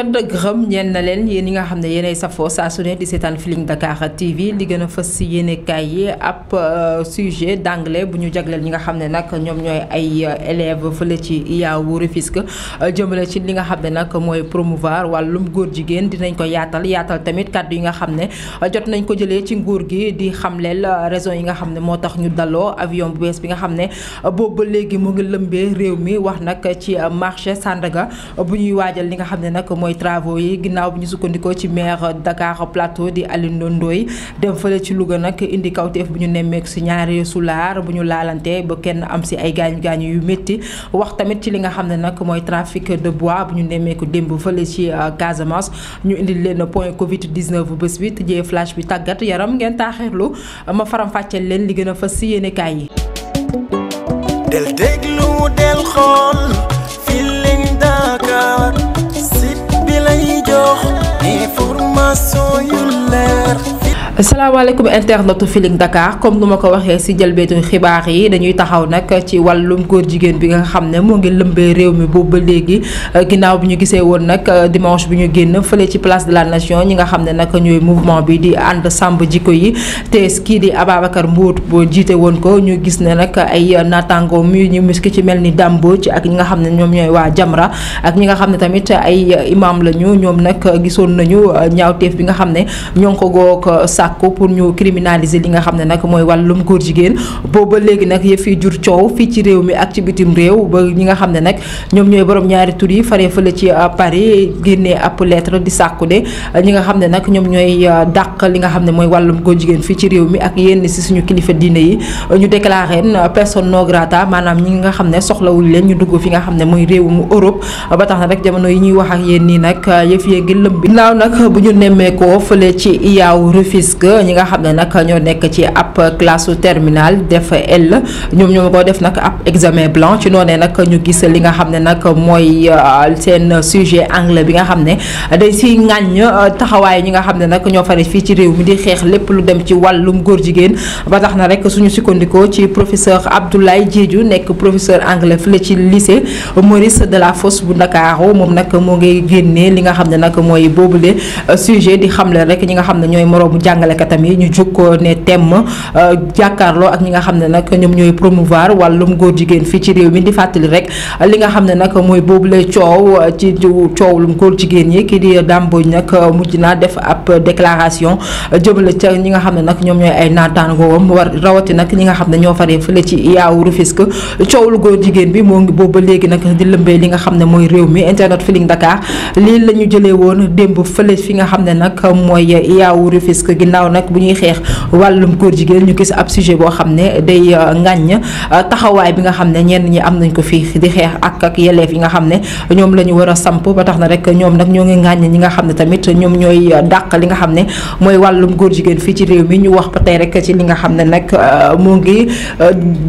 ca dëgg di seetaan Feeling Dakar TV li gën euh, bu ñu jagleel ñi nga xam ne nag ñoom ñooy ay euh, élèves fële ci IAU Rufisque euh, jëmale ci li nga xam ne nag mooy promouvoir wàllum góor jigéen dinañ ko yaatal yaatal tamit kàddu yi nga xam ne jot nañ ko jëlee ci nguur gi di xamleel raison yi nga xam ne moo tax ñu daloo avion bu bees bi nga xam ne boobu ba léegi mu ngi lëmbee réew mi wax nag ci marché Sandaga bu ñuy waajal li nga xam ne nag mooy mooy travaux yi ginnaaw bi ñu sukkandikoo ci maire Dakar Plateau di Alioune Ndoye dem fële ci Louga nag indi kawteef bu ñu nemmeeku si ñaari sulaar bu ñu laalante ba kenn am si ay gaañu gaañu yu métti wax tamit ci li nga xam ne nag mooy trafic de bois bu ñu nemmeeku démb fële ci euh, Casamance ñu indi leen point Covid 19 bés bi tëjee flash bi tàggat yaram ngeen taaxirlu ma faram fàcceel leen li gën a fës si yéenekaay yi. del déglu del xool Feeling Dakar information yu leer salaamaaleykum internetu Feeling Dakar comme nu ma ko waxee ci jëlbeetu xibaar yi dañuy taxaw nag ci wàllum góor jigéen bi nga xam ne moo ngi lëmbee réew mi boobu ba léegi ginnaaw bi ñu gisee woon nag dimanche bi ñu génn fële ci place de la nation ñi nga xam ne nag ñooy mouvement bi di ànd sàmb jikko yi te kii di Ababacar Mbóot boo jiite woon ko ñu gis ne nag ay naataango mu ñu miski ci mel ni dàmbo ak ñi nga xam ne ñoom ñooy waa Jamra ak ñi nga xam ne tamit ay imam lañu ñoom nag gisoon nañu ñaawteef bi nga xam ne ñoo ko goog sàkku pour ñu criminaliser li nga xam ne nag mooy wàllum góor jigéen booba léegi nag yëf yi jur coow fii ci réew mi ak ci bitim réew ba ñi nga xam ne nag ñoom ñooy borom ñaari tur yi faree fële ci euh, Paris génnee ab lettre di sàkku de euh, ñi nga xam ne nag ñoom ñooy euh, dàq li nga xam ne mooy wàllum góor jigéen fii ci réew mi ak yenn si suñu kilifa diine yi ñu déclaré personne non grata maanaam ñi nga xam ne soxlawul leen ñu dugg fi nga xam ne mooy réewum Europe ba tax na rek jamono yi ñuy wax ak yéen nii nag yëf yee ngi lëmb bi naaw nag bu ñu nemmeekoo fële ci iyaaw Rufisque que ñi nga xam ne nag ñoo nekk ci ab classe terminale def L ñoom ñoo ko def nag ab examen blanc ci noonee nag ñu gis li nga xam ne nag mooy euh, seen sujet anglais bi nga xam ne day si ŋàññ euh, taxawaay ñi nga xam ne nag ñoo fare fii ci réew mi di xeex lépp lu dem ci wàllum góor jigéen ba na rek suñu sukkandikoo ci professeur Abdoulaye Diédhiou nekk professeur anglais fële ci lycée Maurice Delafosse bu Ndakaaru moom nag moo ngi génnee li nga xam ne nag mooy boobule euh, sujet di xamle rek ñi nga xam ne ñooy moroomu jàngale jàngalekatam yi ñu jug ko ne temm euh, jàkkaarloo ak ñi nga xam ne nag ñoom ñooy promouvoir wàllum góor jigéen fii ci réew mi di fàttali rek li nga xam ne nag mooy boobule coow euh, ci coowlum góor jigéen yi kii di Dame nag euh, mujj naa def ab déclaration jëmale ca ñi nga xam ne nag ñoom ñooy ay naataangoom war rawati nag ñi nga xam ne ñoo faree fële ci yaawu Rufisque coowlu góor jigéen bi moo ngi boobu ba léegi nag di lëmbee li nga xam ne mooy réew mi internet Feeling Dakar lii la ñu woon démb fële fi nga xam ne nag mooy yaawu Rufisque ginnaaw nag bu ñuy xeex wàllum góor jigéen ñu gis ab sujet boo xam ne day euh, ŋàññ euh, taxawaay bi nga xam ne ñenn ñi am nañ ko fii di xeex ak ak yeleef yi nga xam ne ñoom la ñu war a samp ba tax na rek ñoom nag ñoo ngi ŋàññ ñi nga xam ne tamit ñoom ñooy euh, dàq li nga xam ne mooy wàllum góor jigéen fii ci réew mi ñu wax ba tey rek ci li nga xam ne nag mu ngi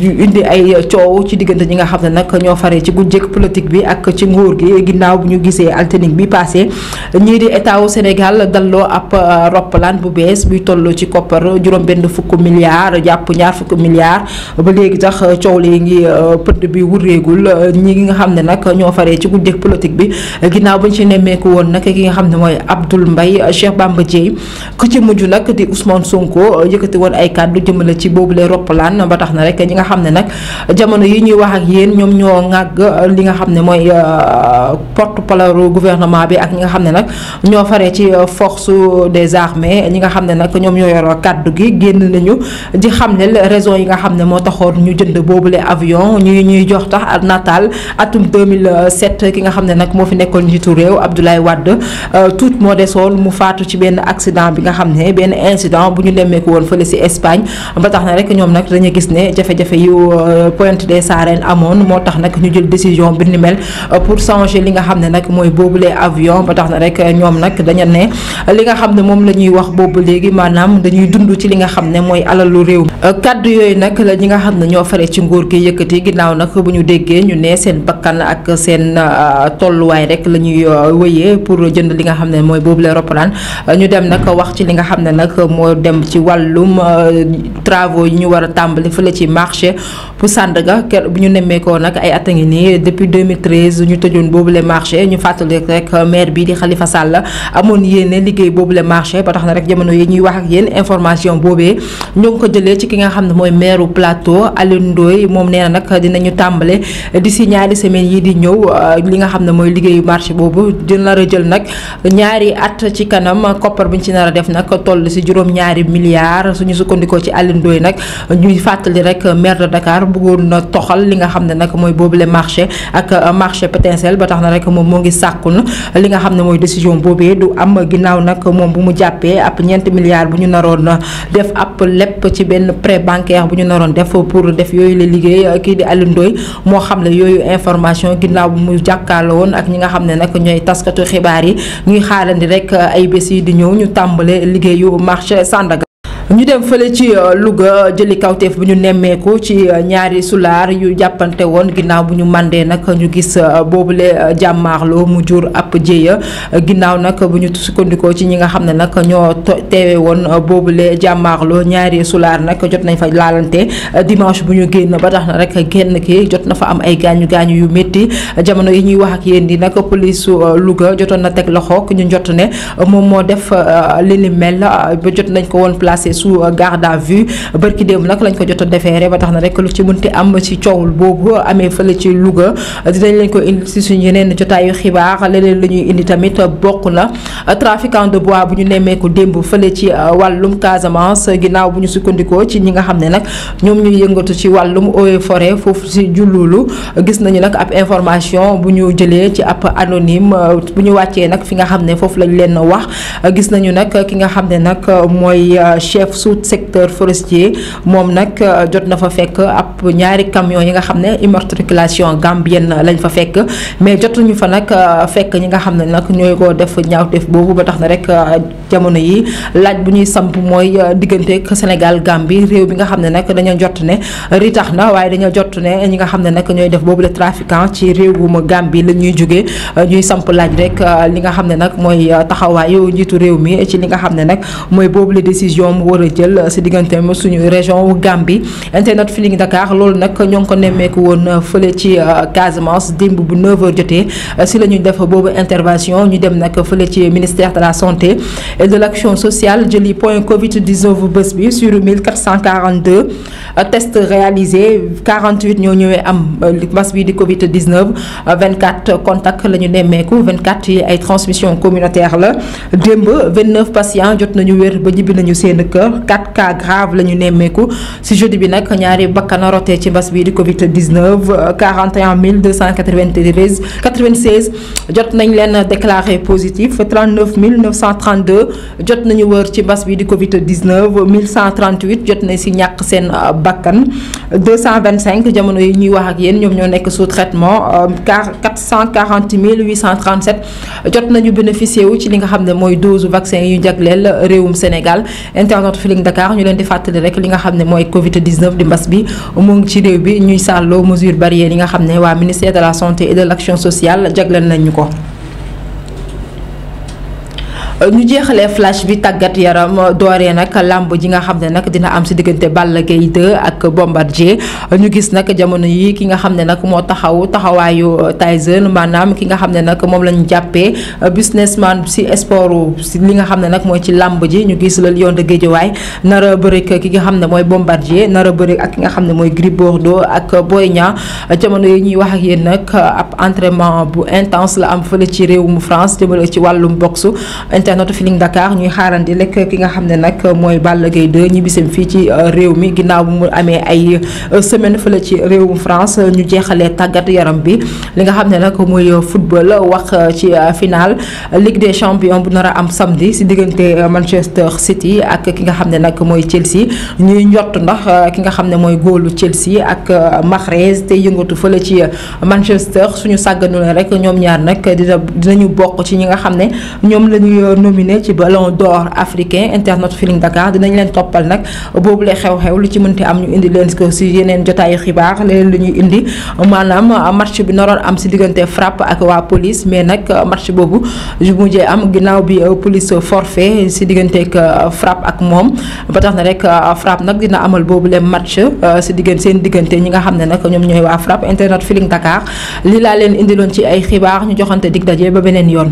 indi ay coow ci diggante ñi nga xam ne nag ñoo faree ci gujjëg politique bi ak ci nguur gi ginnaaw bu ñu gisee alternance bi passé ñii di état wu Sénégal dalloo ab roppalaan bu bees buy toll ci koppar juróom benn fukk milliards jàpp ñaar fukk milliards ba léegi sax coow li ngi euh, pëdd bi wureegul euh, ñi nga xam ne nag ñoo faree ci guddeeg politique bi ginnaaw bañ ci nemmeeku woon nag ki nga xam ne mooy Abdoul Mbaye euh, Cheikh Bamba Dièye ku ci nag di Ousmane Sonko yëkkati woon ay kàddu jëmale ci boobu lay roppalaan ba tax na rek ñi nga xam ne nag jamono yi ñuy wax ak yéen ñoom ñoo ŋàgg li nga xam ne mooy porte parole gouvernement bi ak ñi nga xam ne nag ñoo faree ci force des armées ñi nga xam ne nag ñoom ñoo yoroo kàddu gi génn nañu di xamleel raison yi nga xam ne moo taxoon ñu jënd boobule avion ñuy ñuy jox tax nataal atum 2007 ki nga xam ne nag moo fi nekkoon njiitu réew Abdoulaye Wade euh, tuut moo desoon mu faatu ci benn accident bi nga xam ne benn incident bu ñu nemmeeku woon si Espagne ba tax na rek ñoom nag dañu gis ne jafe-jafe yu euh, Pointe des amoon moo tax nag ñu jël décision bi ni mel euh, pour changer li nga xam ne nag mooy boobu boobule avion ba tax na rek ñoom nag dañu ne li nga xam ne moom la wax boobu léegi yi maanaam dañuy dund ci li nga xam ne mooy alalu réew mi kàddu yooyu nag la ñi nga xam ne ñoo fare ci nguur gi yëkkati ginnaaw nag bu ñu déggee ñu ne seen bakkan ak seen euh, tolluwaay rek la ñuy euh, wëyee pour jënd li nga xam ne mooy boobu la roppalaan ñu dem nag wax ci li nga xam ne nag moo dem ci wàllum euh, travaux yi ñu war a tàmbali fële ci marché bu ga kër bu ñu nemmeekoo nag ay at a ngi nii depuis 2013 ñu tëjoon ñu fàttali rek maire bi di Khalifa Sall amoon yéene liggéey boobule marché ba tax na rek jamono ñuy wax ak yéen information boobee ñoo ngi ko jëlee ci ki nga xam ne mooy maire plateau Alioune Ndoye moom nee na nag dinañu tàmbale d'ici ñaari semaines yi di ñëw euh, li nga xam ne mooy liggéeyu marché boobu dina nar jël nag ñaari at ci kanam koppar bi ci nar def nag toll si juróom-ñaari milliards suñu sukkandikoo ci Alioune Ndoye nag ñuy fàttali rek maire de Dakar bëggoon na toxal li nga xam ne nag mooy boobule marché ak euh, marché potentiel ba tax na rek moom moo ngi sàkkul li nga xam ne mooy décision boobee du am ginnaaw nag moom bu mu jàppee ab ñeenti milliards milliards bu ñu naroon def ab lépp ci benn prêt bancaire bu ñu naroon def pour def yooyu la liggéey euh, kii di Aliou moo xam ne yooyu information ginnaaw bu mu jàkkaarloo woon ak ñi nga xam ne nag ñooy taskatu xibaar yi ñuy di rek euh, ay bés yi di ñëw ñu tàmbalee liggéeyu marché Sandaga ñu dem fële ci euh, Louga jëli kawteef bu ñu nemmeeku ci euh, ñaari sulaar yu jàppante woon ginnaaw bu ñu mandee nag ñu gis euh, boobule jàmmaaxloo mu jur ab jéeya ginnaaw nag bu ñu sukkandikoo ci ñi nga xam ne nag ñoo teewe woon boobule jàmmaaxloo ñaari sulaar nag jot nañ fa laalante dimanche bu ñu génn ba tax na rek génn ki jot na fa am ay gaañu gaañu yu métti jamono yi ñuy wax ak yéen di nag police Louga jotoon na teg loxo ñu jot ne moom moo def li ni mel ba jot nañ ko woon placé sous euh, garde à vue bërki démb nag lañ ko jot a defeere ba tax na rek lu ci munti am ci coowul boobu amee fële ci Louga dinañ leen ko indi suñu yeneen jotaayu xibaar leneen la ñuy indi tamit bokk na trafiquant de bois bu ñu nemmeeku démb fële ci euh, wàllum Casamance ginnaaw bu ñu sukkandikoo ci ñi nga xam ne nag ñoom ñuy yëngatu ci wàllum eaux et forêt foofu si julluulu gis nañu nag ab information bu ñu jëlee ci ab anonyme euh, bu ñu wàccee nag fi nga xam ne foofu lañ leen wax gis nañu nag ki nga xam ne nag mooy chef sous secteur forestier moom nag euh, jot na fa fekk ab ñaari camion yi nga xam ne immatriculation gambienne lañ fa fekk mais jotuñu fa nag euh, fekk ñi nga xam ne nag ñooy ko def ñaawteef boobu ba tax na rek euh, jamono yi laaj bu ñuy samp mooy diggante Sénégal Gambie réew bi nga xam ne nag dañoo jot ne ri tax na waaye dañoo jot ne ñi nga xam ne nag ñooy def boobu le trafiquant ci réewum Gambie la ñuy jógee ñuy samp laaj rek li nga xam ne nag mooy taxawaayu njiitu réew mi ci li nga xam ne nag mooy boobu la décision war a jël si digganteem suñu région wu Gambie internet Feeling Dakar loolu nag ñoo ngi ko nemmeeku woon euh, fële ci euh, Casamance démb bu 9h jotee euh, si la ñuy def boobu intervention ñu dem nag fële ci ministère de la santé et de l' action sociale jëli point Covid 19 bés bi sur 1442 tests réalisés ñoo ñëwee am mbas bi di Covid 19 24 contacts la ñu nemmeeku yi ay transmission communautaire la démb 29 patients jot nañu wér ba ñibbi nañu seen heures quatre cas graves la ñu nemmeeku si jeudi bi nag ñaari bakkan rotee ci mbas bi di Covid 19 41 293 96 jot nañ leen déclaré positif 39 932 jot nañu wër ci mbas bi di Covid 19 1138 jot nañ si ñàkk seen euh, bakkan 225 jamono yi ñuy wax ak yéen ñoom ñoo nekk sous traitement car 440 837 jot nañu bénéficié wu ci li nga xam ne mooy dose vaccin yu ñu jagleel euh, réewum Sénégal. internet Feeling ñu leen di fàttali rek li nga xam ne mooy Covid 19 di mbas bi mu ci réew bi ñuy sàlloo mesure barrière li nga xam ne waa ministère de la santé et de l' action sociale jagleel nañ ko. ñu jeexalee flash bi tàggat yaram dooree nag làmb ji nga xam ne nag dina am si diggante Balla Gaye 2 ak Bombardier ñu gis nag jamono yi ki nga xam ne nag moo taxaw taxawaayu Tyson maanaam ki nga xam ne nag moom la ñu jàppee businessman si sport si li nga xam ne nag mooy ci làmb ji ñu gis la Lion de Guédiawaye nar a bëri ki nga xam ne mooy Bombardier nar a bëri ak ki nga xam ne mooy Gris Bordeaux ak Boy Niang jamono yi ñuy wax ak yéen nag ab entraînement bu intense la am fële ci réewum France jëmale ci wàllum internet Feeling Dakar ñuy xaarandi rek ki nga xam ne nag mooy Balla Gaye 2 ñibbisam fii ci euh, réew mi ginnaaw bu mu amee ay euh, semaine fële ci réewum France ñu jeexalee tàggat yaram bi li nga xam ne nag mooy euh, football wax ci finale Ligue des bu nar a am samedi si diggante Manchester City ak ki nga xam ne nag mooy Chelsea ñuy njot ndax ki nga xam ne mooy góolu Chelsea ak Mahrez te yëngatu fële ci Manchester suñu sàgganu rek ñoom ñaar nag dina dinañu bokk ci ñi nga xam ne ñoom lañuy nominé ci ballon d'or africain internet Feeling Dakar dinañ leen toppal nag boobu lay xew-xew lu ci mënti am ñu indi leen ko si yeneen jotaayu xibaar leneen lu ñuy indi maanaam match bi noroon am si diggante frappe ak waa police mais nag match boobu ju mujjee am ginnaaw bi police forfait si digganteeg euh, frappe ak moom ba tax na rek euh, frappe nag dina amal boobu leen match euh, si diggante seen diggante ñi nga xam ne nag ñoom ñooy waa frappe internet Feeling Dakar lii laa leen indiloon ci ay xibaar ñu joxante dig daje ba beneen yoon.